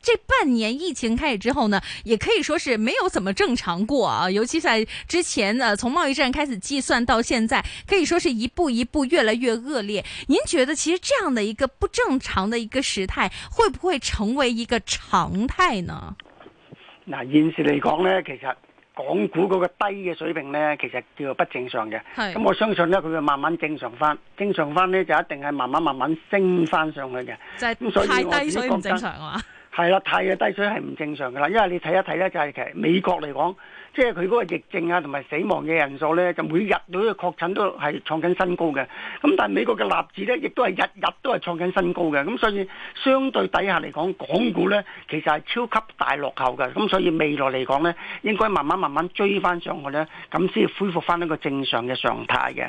這，這半年疫情開始之後呢，也可以說是沒有怎麼正常過啊。尤其在之前呢，從貿易戰開始計算到現在，可以說是一步一步越來越惡劣。您覺得，其實這樣的一個不正常的一個時態，會不會成為一個常態呢？嗱，現時嚟講呢，其實港股嗰個低嘅水平呢，其實叫做不正常嘅。係是。咁我相信呢，佢會慢慢正常翻，正常翻呢就一定係慢慢慢慢升翻上去嘅。就係太低，所以，所以唔正常啊。係啦，太嘅低水係唔正常噶啦，因為你睇一睇咧，就係其實美國嚟講，即係佢嗰個疫症啊，同埋死亡嘅人數咧，就每日都確診都係創緊新高嘅。咁但係美國嘅納指咧，亦都係日日都係創緊新高嘅。咁所以相對底下嚟講，港股咧其實係超級大落後嘅。咁所以未來嚟講咧，應該慢慢慢慢追翻上去咧，咁先恢復翻一個正常嘅常態嘅。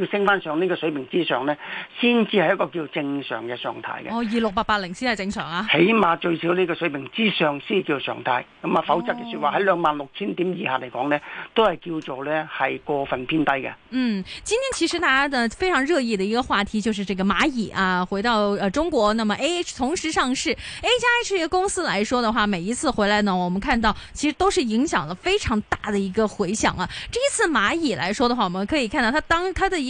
要升翻上呢個水平之上呢，先至係一個叫正常嘅常態嘅。哦，二六八八零先係正常啊！起碼最少呢個水平之上先叫常態，咁啊，否則嘅說話，喺兩萬六千點以下嚟講呢，都係叫做呢係過分偏低嘅。嗯，今天其實大家嘅非常熱議嘅一個話題，就是這個螞蟻啊，回到呃中國，那麼 A H 同時上市，A 加 H 公司來說的話，每一次回來呢，我們看到其實都是影響了非常大的一個回響啊。這一次螞蟻來說的話，我們可以看到它，它當它的一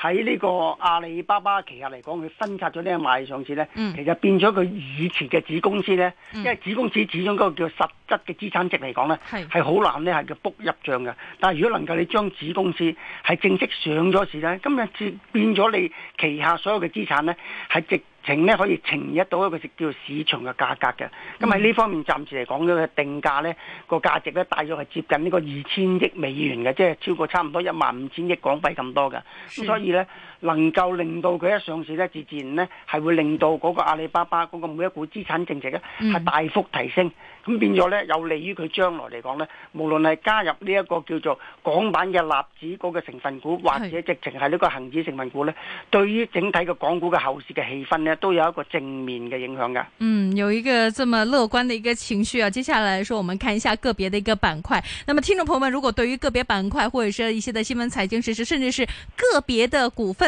喺呢個阿里巴巴旗下嚟講，佢分拆咗呢樣賣上市呢，嗯、其實變咗佢以前嘅子公司呢，嗯、因為子公司始終嗰個叫實質嘅資產值嚟講呢係好難呢，係叫 book 入帳嘅。但係如果能夠你將子公司係正式上咗市呢，今日變變咗你旗下所有嘅資產呢，係值。情咧、嗯、可以呈一到一個叫市場嘅價格嘅，咁喺呢方面暫時嚟講，咧嘅定價咧個價值咧大約係接近呢個二千億美元嘅，嗯、即係超過差唔多一萬五千億港幣咁多嘅，咁是所以咧。能夠令到佢一上市呢，自然呢係會令到嗰個阿里巴巴嗰個每一股資產淨值呢係大幅提升，咁、嗯、變咗呢，有利於佢將來嚟講呢，無論係加入呢一個叫做港版嘅納指嗰個成分股，或者直情係呢個恒指成分股呢，是對於整體嘅港股嘅後市嘅氣氛呢，都有一個正面嘅影響嘅。嗯，有一個咁樣樂觀嘅一個情緒啊！接下嚟，説我們看一下個別嘅一個板塊。那麼，聽眾朋友們，如果對於個別板塊或者是一些嘅新聞、財經時事實，甚至係個別嘅股份，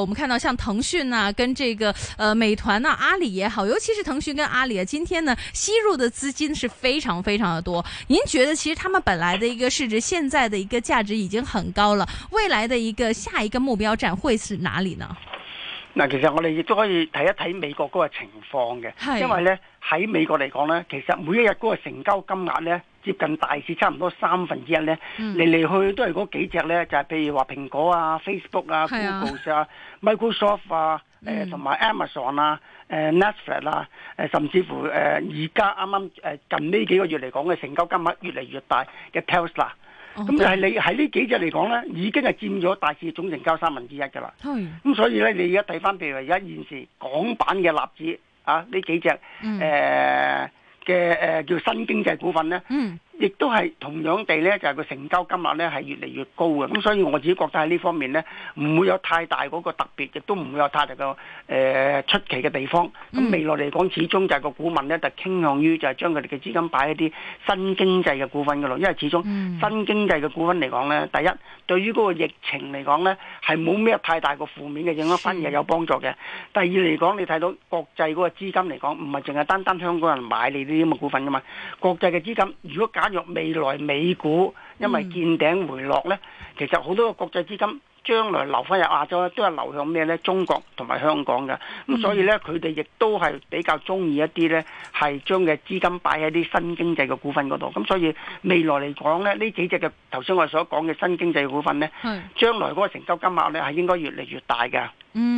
我們看到像騰訊啊，跟這個呃美團啊，阿里也好，尤其是騰訊跟阿里啊，今天呢吸入的資金是非常非常的多。您覺得其實他們本來的一個市值，現在的一個價值已經很高了，未來的一個下一個目標站會是哪裡呢？那其實我哋亦都可以睇一睇美國嗰個情況嘅，的因為呢。喺美國嚟講咧，其實每一日嗰個成交金額咧，接近大市差唔多三分之一咧，嚟嚟去去都係嗰幾隻咧，就係譬如話蘋果啊、Facebook 啊、Google 啊、Microsoft 啊、誒同埋 Amazon 啊、誒 Netflix 啊、誒甚至乎誒而家啱啱誒近呢幾個月嚟講嘅成交金額越嚟越大嘅 Tesla，咁就係你喺呢幾隻嚟講咧，已經係佔咗大市總成交三分之一㗎啦。咁所以咧，你而家睇翻譬如話而家現時，港版嘅納指。啊，呢幾隻誒嘅誒叫新經濟股份咧。嗯亦都係同樣地咧，就係個成交金額咧係越嚟越高嘅，咁所以我自己覺得喺呢方面咧，唔會有太大嗰個特別，亦都唔會有太大嘅誒、呃、出奇嘅地方。咁未來嚟講，始終就係個股民咧，就傾、是、向於就係將佢哋嘅資金擺喺啲新經濟嘅股份嗰度，因為始終新經濟嘅股份嚟講咧，第一對於嗰個疫情嚟講咧係冇咩太大個負面嘅影響，反而係有幫助嘅。第二嚟講，你睇到國際嗰個資金嚟講，唔係淨係單單香港人買你啲咁嘅股份㗎嘛，國際嘅資金如果假未來美股因為見頂回落呢，嗯、其實好多個國際資金將來流翻入亞洲都係流向咩呢？中國同埋香港嘅，咁所以呢，佢哋亦都係比較中意一啲呢係將嘅資金擺喺啲新經濟嘅股份嗰度。咁所以未來嚟講呢，呢幾隻嘅頭先我哋所講嘅新經濟股份呢，是將來嗰個成交金額呢，係應該越嚟越大嘅。嗯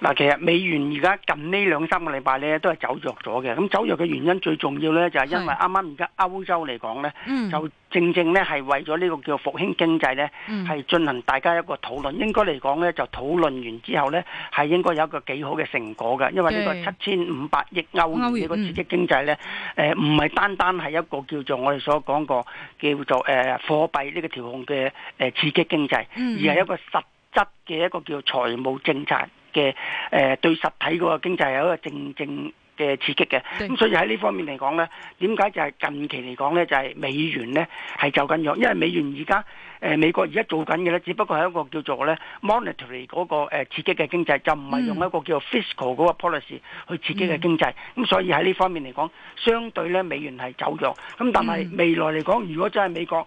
嗱，其實美元而家近呢兩三個禮拜咧，都係走弱咗嘅。咁走弱嘅原因最重要咧，就係、是、因為啱啱而家歐洲嚟講咧，是 就正正咧係為咗呢個叫復興經濟咧，係、嗯、進行大家一個討論。應該嚟講咧，就討論完之後咧，係應該有一個幾好嘅成果嘅。因為呢個七千五百億歐元嘅個刺激經濟咧，誒唔係單單係一個叫做我哋所講個叫做誒貨幣呢個調控嘅誒刺激經濟，而係一個實質嘅一個叫財務政策。嘅誒、呃、對實體嗰個經濟有一個正正嘅刺激嘅，咁所以喺呢方面嚟講咧，點解就係近期嚟講咧，就係、是、美元咧係走緊弱，因為美元而家誒美國而家做緊嘅咧，只不過係一個叫做咧 monetary 嗰、那個、呃、刺激嘅經濟，就唔係用一個叫做 fiscal 嗰個 policy 去刺激嘅經濟，咁、嗯、所以喺呢方面嚟講，相對咧美元係走弱，咁但係未來嚟講，如果真係美國。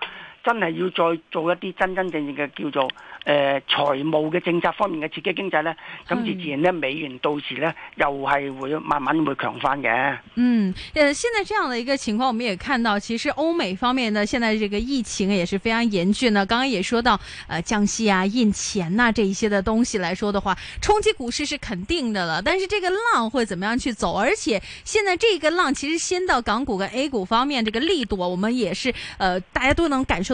真係要再做一啲真真正正嘅叫做誒、呃、財務嘅政策方面嘅刺激經濟咧，咁自然呢，美元到時呢又係會慢慢會強翻嘅。嗯，誒，現在這樣嘅一個情況，我們也看到，其實歐美方面呢，現在這個疫情也是非常嚴峻呢、啊。剛剛也講到，誒降息啊、印錢啊，這一些嘅東西來說的話，衝擊股市是肯定的了。但是這個浪會點樣去走？而且現在這個浪其實先到港股跟 A 股方面，這個力度，啊，我們也是誒、呃，大家都能感受。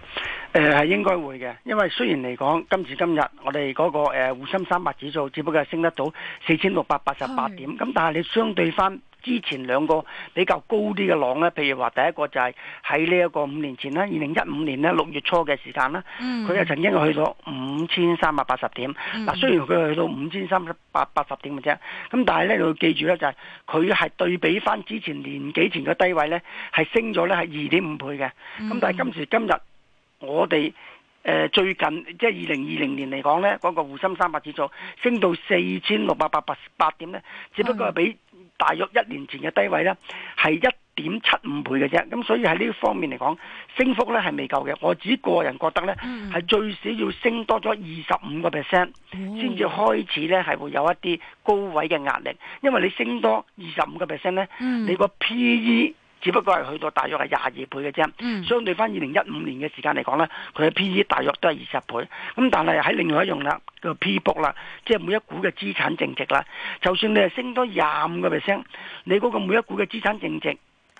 誒，係、呃、應該會嘅，因為雖然嚟講今時今日我哋嗰、那個誒滬、呃、深三百指數，只不過係升得到四千六百八十八點，咁 Yes. 但係你相對翻之前兩個比較高啲嘅浪咧，譬 Yes. 如話第一個就係喺呢一個五年前啦，二零一五年咧六月初嘅時間啦，佢係、mm. 曾經去到五千三百八十點，嗱、mm. 雖然佢係去到五千三百八十點嘅啫，咁、mm. 但係咧你要記住咧就係佢係對比翻之前年幾前嘅低位咧，係升咗咧係二點五倍嘅，咁、mm. 但係今時今日。我哋誒、呃、最近即係二零二零年嚟講呢，嗰、那個滬深三百指數升到四千六百八十八點呢，只不過係比大約一年前嘅低位呢，係一點七五倍嘅啫。咁所以喺呢方面嚟講，升幅呢係未夠嘅。我自己個人覺得呢，係、嗯、最少要升多咗二十五個 percent 先至開始呢，係會有一啲高位嘅壓力，因為你升多二十五個 percent 呢，嗯、你個 PE 只不過係去到大約係廿二倍嘅啫，嗯、相對翻二零一五年嘅時間嚟講咧，佢嘅 P/E 大約都係二十倍。咁但係喺另外一樣啦，個 P book 啦，即係每一股嘅資產淨值啦，就算你係升多廿五個 percent，你嗰個每一股嘅資產淨值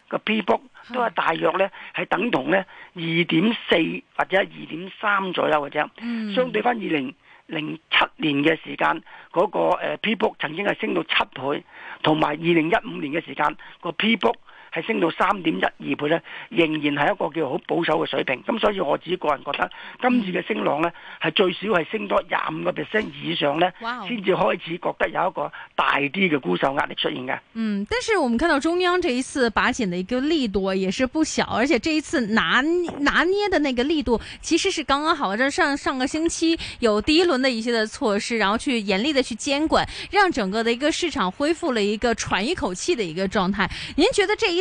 個 P book 都係大約咧係是等同咧二點四或者二點三左右嘅啫。嗯、相對翻二零零七年嘅時間嗰、那個 P book 曾經係升到七倍，同埋二零一五年嘅時間個 P book 係升到三點一二倍呢，仍然係一個叫好保守嘅水平。咁所以我自己個人覺得，今次嘅升浪呢，係、嗯、最少係升多廿五個 percent 以上呢，先至、哦、開始覺得有一個大啲嘅沽售壓力出現嘅。嗯，但是我們看到中央這一次把緊嘅一個力度也是不小，而且這一次拿拿捏嘅那個力度其實是剛剛好。這上上個星期有第一輪的一些的措施，然後去嚴厲的去監管，讓整個嘅一個市場恢復了一個喘一口氣嘅一個狀態。您覺得這一？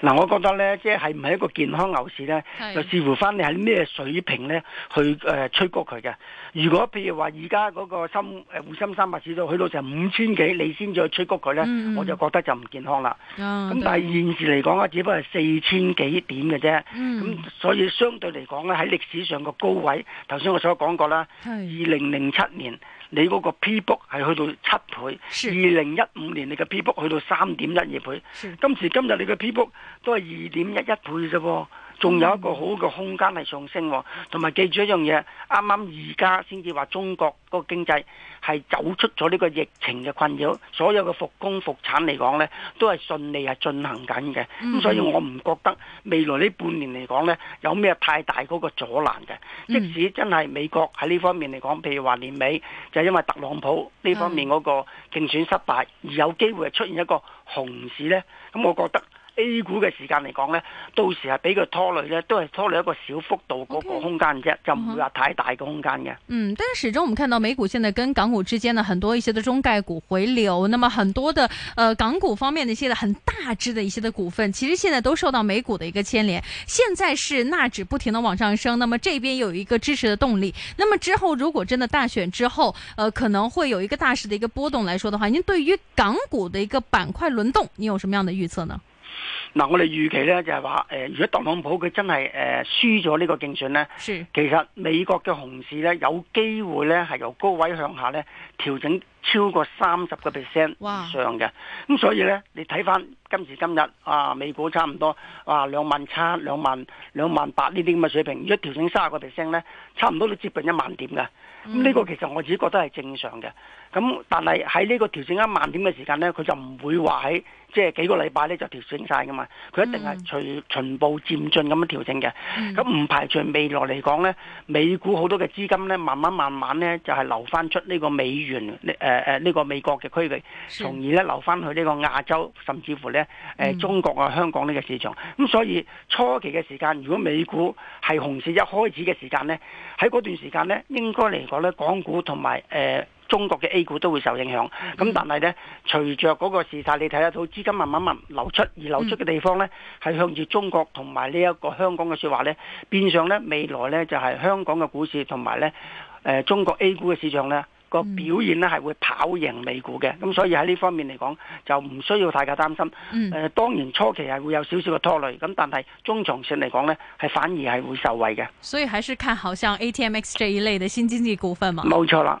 嗱、啊，我覺得咧，即係唔係一個健康牛市咧，是就視乎翻你喺咩水平咧去誒、呃、吹谷佢嘅。如果譬如話，而家嗰個深誒滬深三百指數去到成五千幾，你先至去吹谷佢咧，嗯、我就覺得就唔健康啦。咁、啊、但係現時嚟講啊，只不過係四千幾點嘅啫。咁、嗯、所以相對嚟講咧，喺歷史上個高位，頭先我所講過啦，二零零七年。你嗰個 P book 係去到七倍，二零一五年你嘅 P book 去到三點一二倍，的今時今日你嘅 P book 都係二點一一倍啫。仲有一個好嘅空間係上升，同埋記住一樣嘢，啱啱而家先至話中國個經濟係走出咗呢個疫情嘅困擾，所有嘅復工復產嚟講呢，都係順利係進行緊嘅。咁、嗯、所以我唔覺得未來呢半年嚟講呢，有咩太大嗰個阻攔嘅。即使真係美國喺呢方面嚟講，譬如話年尾就是、因為特朗普呢方面嗰個競選失敗，嗯、而有機會係出現一個熊市呢。咁我覺得。A 股嘅時間嚟講呢，到時係俾佢拖累呢，都係拖累一個小幅度嗰個空間啫，Okay. 就唔會話太大嘅空間嘅。嗯，但係始終我們看到美股現在跟港股之間呢，很多一些的中概股回流，那麼很多的，呃港股方面的一些很大隻的一些的股份，其實現在都受到美股的一個牽連。現在是納指不停的往上升，那麼這邊有一個支持的動力。那麼之後如果真的大選之後，呃可能會有一個大市的一個波動來說的話，您對於港股的一個板塊輪動，你有什麼樣的預測呢？嗱、啊，我哋預期咧就係、是、話，誒、呃，如果特朗普佢真係誒、呃、輸咗呢個競選咧，是其實美國嘅熊市咧，有機會咧係由高位向下咧調整超過三十個 percent 以上嘅。咁哇所以咧，你睇翻今時今日啊，美股差唔多啊兩萬七、兩萬兩萬,兩萬八呢啲咁嘅水平，如果調整三十個 percent 咧，差唔多都接近一萬點嘅。呢、嗯、個其實我自己覺得係正常嘅。咁，但係喺呢個調整一萬點嘅時間呢，佢就唔會話喺即係幾個禮拜呢就調整晒噶嘛，佢一定係循步漸進咁樣調整嘅。咁唔、嗯、排除未來嚟講呢，美股好多嘅資金呢，慢慢慢慢呢就係、是、流翻出呢個美元誒呢、呃呢個美國嘅區域，的從而呢流翻去呢個亞洲，甚至乎呢、呃、中國啊、香港呢個市場。咁、嗯、所以初期嘅時間，如果美股係熊市一開始嘅時間呢，喺嗰段時間呢，應該嚟講呢，港股同埋誒。呃中國嘅 A 股都會受影響，咁但係咧，隨着嗰個事態，你睇得到資金慢慢慢流出，而流出嘅地方咧，係向住中國同埋呢一個香港嘅説話咧，變相咧未來咧就係香港嘅股市同埋咧誒中國 A 股嘅市場咧個表現咧係會跑贏美股嘅。咁、嗯、所以喺呢方面嚟講，就唔需要太過擔心。誒、嗯呃、當然初期係會有少少嘅拖累，咁但係中長線嚟講咧，係反而係會受惠嘅。所以，還是看好像 A T M X 這一類的新經濟股份嘛，冇錯啦。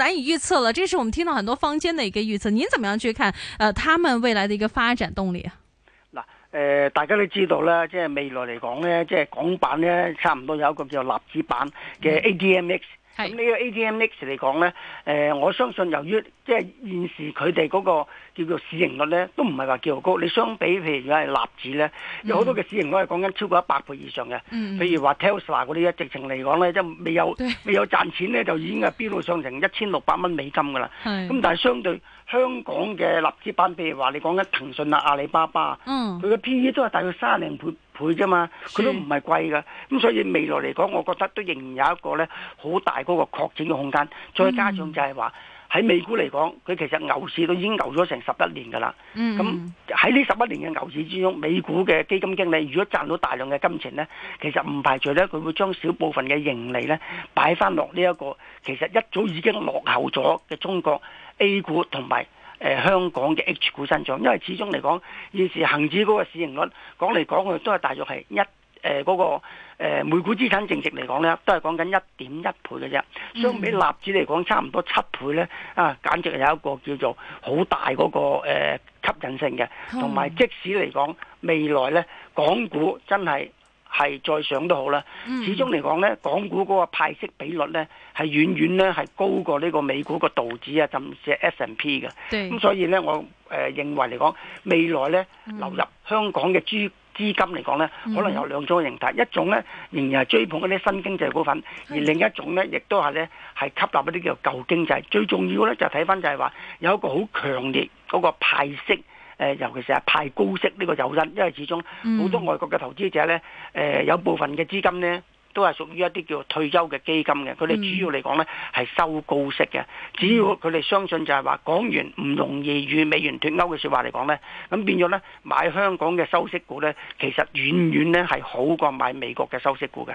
難以預測了，這是我們聽到很多坊間的一個預測。您怎麼樣去看？呃，他們未來的一個發展動力？嗱，誒，大家都知道咧，即係未來嚟講咧，即係港版咧，差唔多有一個叫做立子版嘅 ATMX、嗯咁呢個 ATMX 嚟講咧，我相信由於即係、就是、現時佢哋嗰個叫做市盈率咧，都唔係話叫好高。你相比譬如講係納指咧，有好多嘅市盈率係講緊超過一百倍以上嘅。譬、嗯、如話 Tesla 嗰啲一直情嚟講咧，即係未有對 未有賺錢咧，就已經係飆到上成一千六百蚊美金㗎啦。咁對 但係相對香港嘅納指板，譬如話你講緊騰訊啊、阿里巴巴，嗯，佢嘅 PE 都係大約三十零倍。佢啫嘛，佢都唔係貴㗎，咁所以未來嚟講，我覺得都仍然有一個咧好大嗰個擴展嘅空間。再加上就係話喺美股嚟講，佢其實牛市都已經牛咗成十一年㗎啦。咁喺呢十一年嘅牛市之中，美股嘅基金經理如果賺到大量嘅金錢咧，其實唔排除咧佢會將少部分嘅盈利咧擺返落呢一個其實一早已經落後咗嘅中國 A 股同埋，誒、呃、香港嘅 H 股身上，因為始終嚟講，現時恒指嗰個市盈率講嚟講，佢都係大約係一誒嗰、呃那個、呃、每股資產淨值嚟講咧，都係講緊一點一倍嘅啫。相比納指嚟講，差唔多七倍咧，啊，簡直係有一個叫做好大嗰、那個、呃、吸引性嘅，同埋即使嚟講未來咧，港股真係。係再上都好啦，始終嚟講咧，港股嗰個派息比率咧，係遠遠咧係高過呢個美股個道指啊，甚至係 S&P 嘅。咁對所以咧，我誒、呃、認為嚟講，未來咧流入香港嘅資資金嚟講咧，可能有兩種形態，一種咧仍然係追捧嗰啲新經濟股份，而另一種咧亦都係咧係吸納一啲叫做舊經濟。最重要咧就睇、是、翻就係話有一個好強烈嗰個派息。誒，尤其是係派高息呢個原因，因為始終好多外國嘅投資者咧，誒、mm. 呃、有部分嘅資金咧，都係屬於一啲叫退休嘅基金嘅，佢哋主要嚟講咧係收高息嘅，只要佢哋相信就係話港元唔容易與美元脫鈎嘅說話嚟講咧，咁變咗咧買香港嘅收息股咧，其實遠遠咧係好過買美國嘅收息股嘅。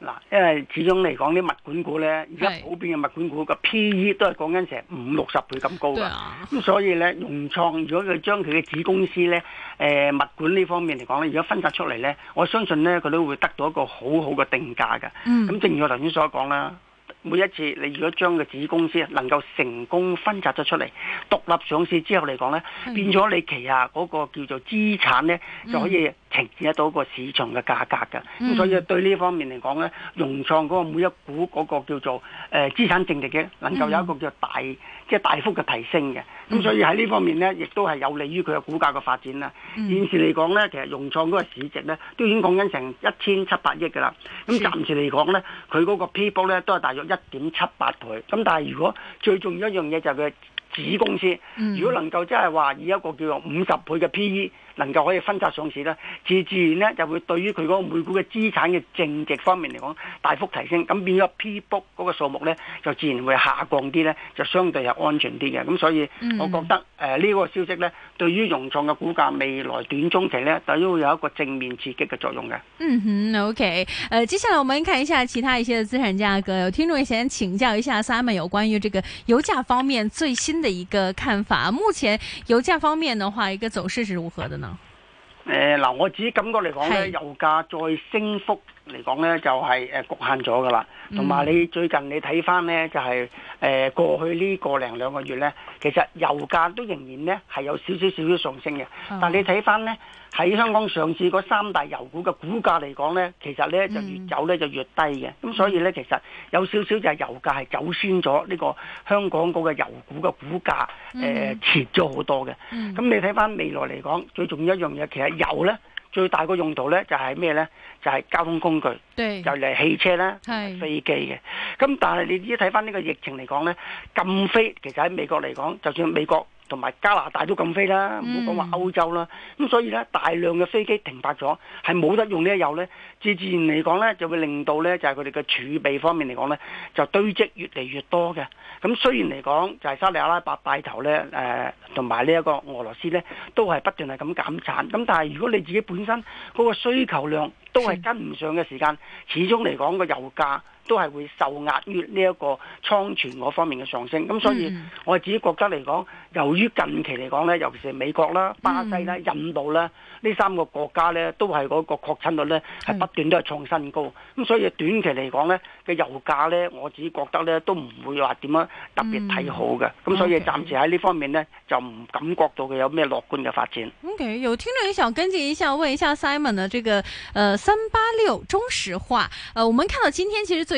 嗱，因為始終嚟講啲物管股咧，而家普遍嘅物管股嘅 PE 都係講緊成五六十倍咁高噶，咁、啊、所以咧，融創如果佢將佢嘅子公司咧，誒、呃、物管呢方面嚟講咧，如果分拆出嚟咧，我相信咧佢都會得到一個好好嘅定價噶。咁、嗯、正如我頭先所講啦，每一次你如果將個子公司能夠成功分拆咗出嚟，獨立上市之後嚟講咧，變咗你旗下嗰個叫做資產咧、嗯、就可以。呈現得到個市場嘅價格㗎，咁所以對呢方面嚟講呢，融創嗰個每一股嗰個叫做誒、呃、資產淨值嘅，能夠有一個叫大即係、嗯、大幅嘅提升嘅，咁、嗯、所以喺呢方面呢，亦都係有利於佢嘅股價嘅發展啦。現時嚟講呢，其實融創嗰個市值呢，都已經講緊成一千七百億㗎啦。咁暫時嚟講呢，佢嗰個 P 股呢，都係大約一點七八倍。咁但係如果最重要一樣嘢就係佢子公司，如果能夠即係話以一個叫做五十倍嘅 PE。能夠可以分拆上市咧，自自然咧就會對於佢嗰個每股嘅資產嘅淨值方面嚟講大幅提升，咁變咗 P book 嗰個數目呢，就自然會下降啲，呢就相對係安全啲嘅。咁所以，我覺得誒呢、嗯呃這個消息呢，對於融創嘅股價未來短中期咧，都會有一個正面刺激嘅作用嘅。嗯哼，OK，誒、呃，接下來我們看一下其他一些嘅資產價格。有聽眾也想請教一下 Simon，有關於這個油價方面最新的一個看法。目前油價方面嘅話，一個走勢是如何的呢？誒嗱，我自己感覺嚟講咧，是油價再升幅嚟講呢，就係、是、誒、呃、局限咗噶啦，同埋你最近你睇翻呢，就係、是、誒、呃、過去呢個零兩個月呢，其實油價都仍然呢係有少，少少少少上升嘅。但你睇翻呢，喺香港上市嗰三大油股嘅股價嚟講呢，其實呢就越走呢就越低嘅。咁、嗯、所以呢，其實有少少就係油價係走酸咗呢，這個香港嗰個油股嘅股價誒蝕咗好多嘅。咁、嗯、你睇翻未來嚟講，最重要一樣嘢其實油呢。最大個用途呢就係、是、咩呢？就係、是、交通工具，尤其係對汽車啦、是飛機嘅。咁但係你一睇返呢個疫情嚟講呢，禁飛其實喺美國嚟講，就算美國。同埋加拿大都禁飛啦，唔好講話歐洲啦。咁、嗯、所以呢，大量嘅飛機停泊咗，係冇得用呢一油呢。自自然嚟講呢，就會令到呢，就係佢哋嘅儲備方面嚟講呢，就堆積越嚟越多嘅。咁雖然嚟講就係、是、沙特阿拉伯帶頭呢，誒同埋呢一個俄羅斯呢，都係不斷係咁減產。咁但係如果你自己本身嗰、那個需求量都係跟唔上嘅時間，的始終嚟講個油價。都係會受壓於呢一個倉存嗰方面嘅上升，咁所以我自己覺得嚟講，由於近期嚟講咧，尤其是美國啦、巴西啦、嗯、印度啦呢三個國家呢都係嗰個確診率呢係、嗯、不斷都係創新高，咁所以短期嚟講呢，嘅油價呢，我自己覺得呢都唔會話點樣特別睇好嘅，咁、嗯、所以暫時喺呢方面呢，嗯、就唔感覺到佢有咩樂觀嘅發展。嗯、OK，有聽眾想跟進一下，問一下 Simon 呢？這個呃三八六中石化、呃，我們看到今天其實最。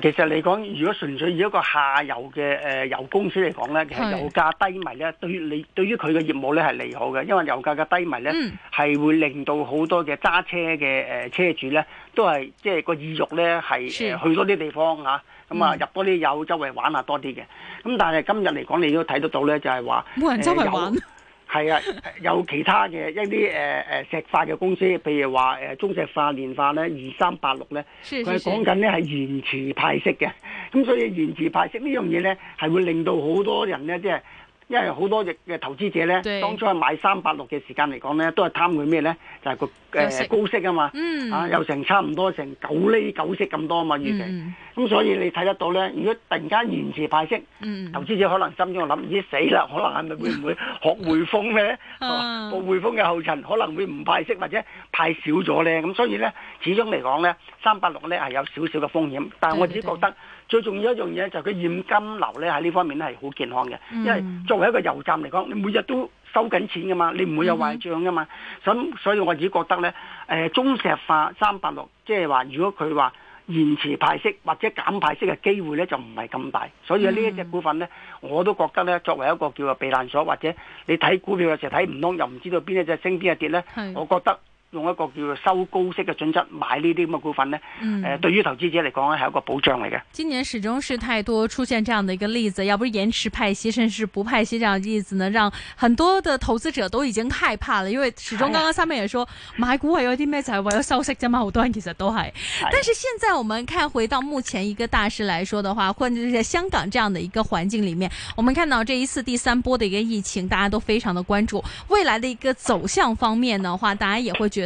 其實嚟講，如果純粹以一個下游嘅誒、呃、油公司嚟講咧，其實油價低迷咧，對於你對於佢嘅業務咧係利好嘅，因為油價嘅低迷咧係、嗯、會令到好多嘅揸車嘅誒車主咧都係即係個意欲咧係是去多啲地方吓，咁啊、嗯、入多啲油周圍玩下多啲嘅。咁但係今日嚟講，你都睇得到咧，就係話冇人周圍玩。呃 係 啊，有其他嘅一啲誒誒石化嘅公司，譬如話誒、呃、中石化、煉化咧二三八六咧，佢講緊咧係延遲派息嘅，咁所以延遲派息東西呢樣嘢咧係會令到好多人咧即係。因為好多嘅投資者呢，對當初係買三八六嘅時間嚟講呢，都係貪佢咩呢？就係個誒高息啊嘛，嗯、啊有成差唔多成九厘九息咁多啊嘛預期，咁、嗯、所以你睇得到呢，如果突然間延遲派息，嗯、投資者可能心中諗咦，死啦，可能係咪會唔會學匯豐呢？步匯、啊啊啊、豐嘅後塵，可能會唔派息或者派少咗呢。」咁所以呢，始終嚟講呢，三八六呢係有少少嘅風險，對對對但係我只覺得。最重要一樣嘢就係佢現金流咧喺呢方面咧係好健康嘅，因為作為一個油站嚟講，你每日都收緊錢噶嘛，你唔會有壞賬噶嘛。咁、嗯、所以我只覺得咧、呃，中石化三八六，即係話如果佢話延遲派息或者減派息嘅機會咧就唔係咁大，所以呢一隻股份咧我都覺得咧作為一個叫做避難所或者你睇股票嘅時候睇唔通又唔知道邊一隻升邊一跌咧，是我覺得。用一個叫做收高息嘅準則買呢啲咁嘅股份咧，誒、嗯呃、對於投資者嚟講咧係一個保障嚟嘅。今年始終是太多出現這樣嘅一個例子，要不是延遲派息，甚至不派息，這樣例子呢，讓很多的投資者都已經害怕了。因為始終剛剛上面也說、啊、買股有我有啲咩就係，為咗收息，啫嘛。好多人其實都係。是啊、但是現在我們看回到目前一個大市嚟講的話，或者在香港這樣嘅一個環境裡面，我們看到這一次第三波嘅一個疫情，大家都非常的關注未來嘅一個走向方面嘅話，大家也會覺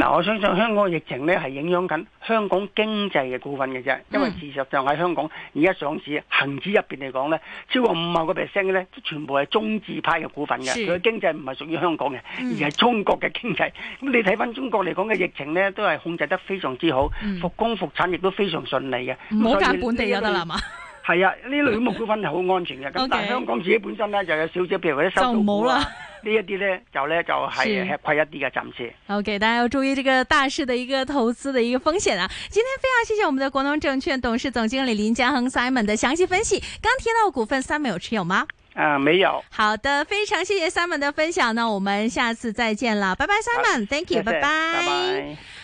嗱、嗯，我相信香港嘅疫情咧，係影響緊香港經濟嘅股份嘅啫。因為事實上喺香港而家上市恆指入邊嚟講咧，超過五萬個 percent 嘅咧，都全部係中字派嘅股份嘅。佢嘅是經濟唔係屬於香港嘅，而係中國嘅經濟。咁、嗯、你睇翻中國嚟講嘅疫情咧，都係控制得非常之好，嗯、復工復產亦都非常順利嘅。唔好揀本地啊，得啦嘛。 係啊，呢類目股份係好安全嘅，咁 Okay, 但係香港自己本身咧就有少少，譬如啲新高股、啊、就 呢，就呢、就是、快一啲咧就咧就係吃虧一啲嘅暫時。OK，大家要注意這個大市的一個投資的一個風險啊！今天非常謝謝我們的國農證券董事總經理林家亨 Simon 的詳細分析。剛提到股份，Simon 有持有嗎？啊、呃，沒有。好的，非常謝謝 Simon 的分享，那我們下次再見啦，拜拜，Simon，Thank、啊、you，拜拜。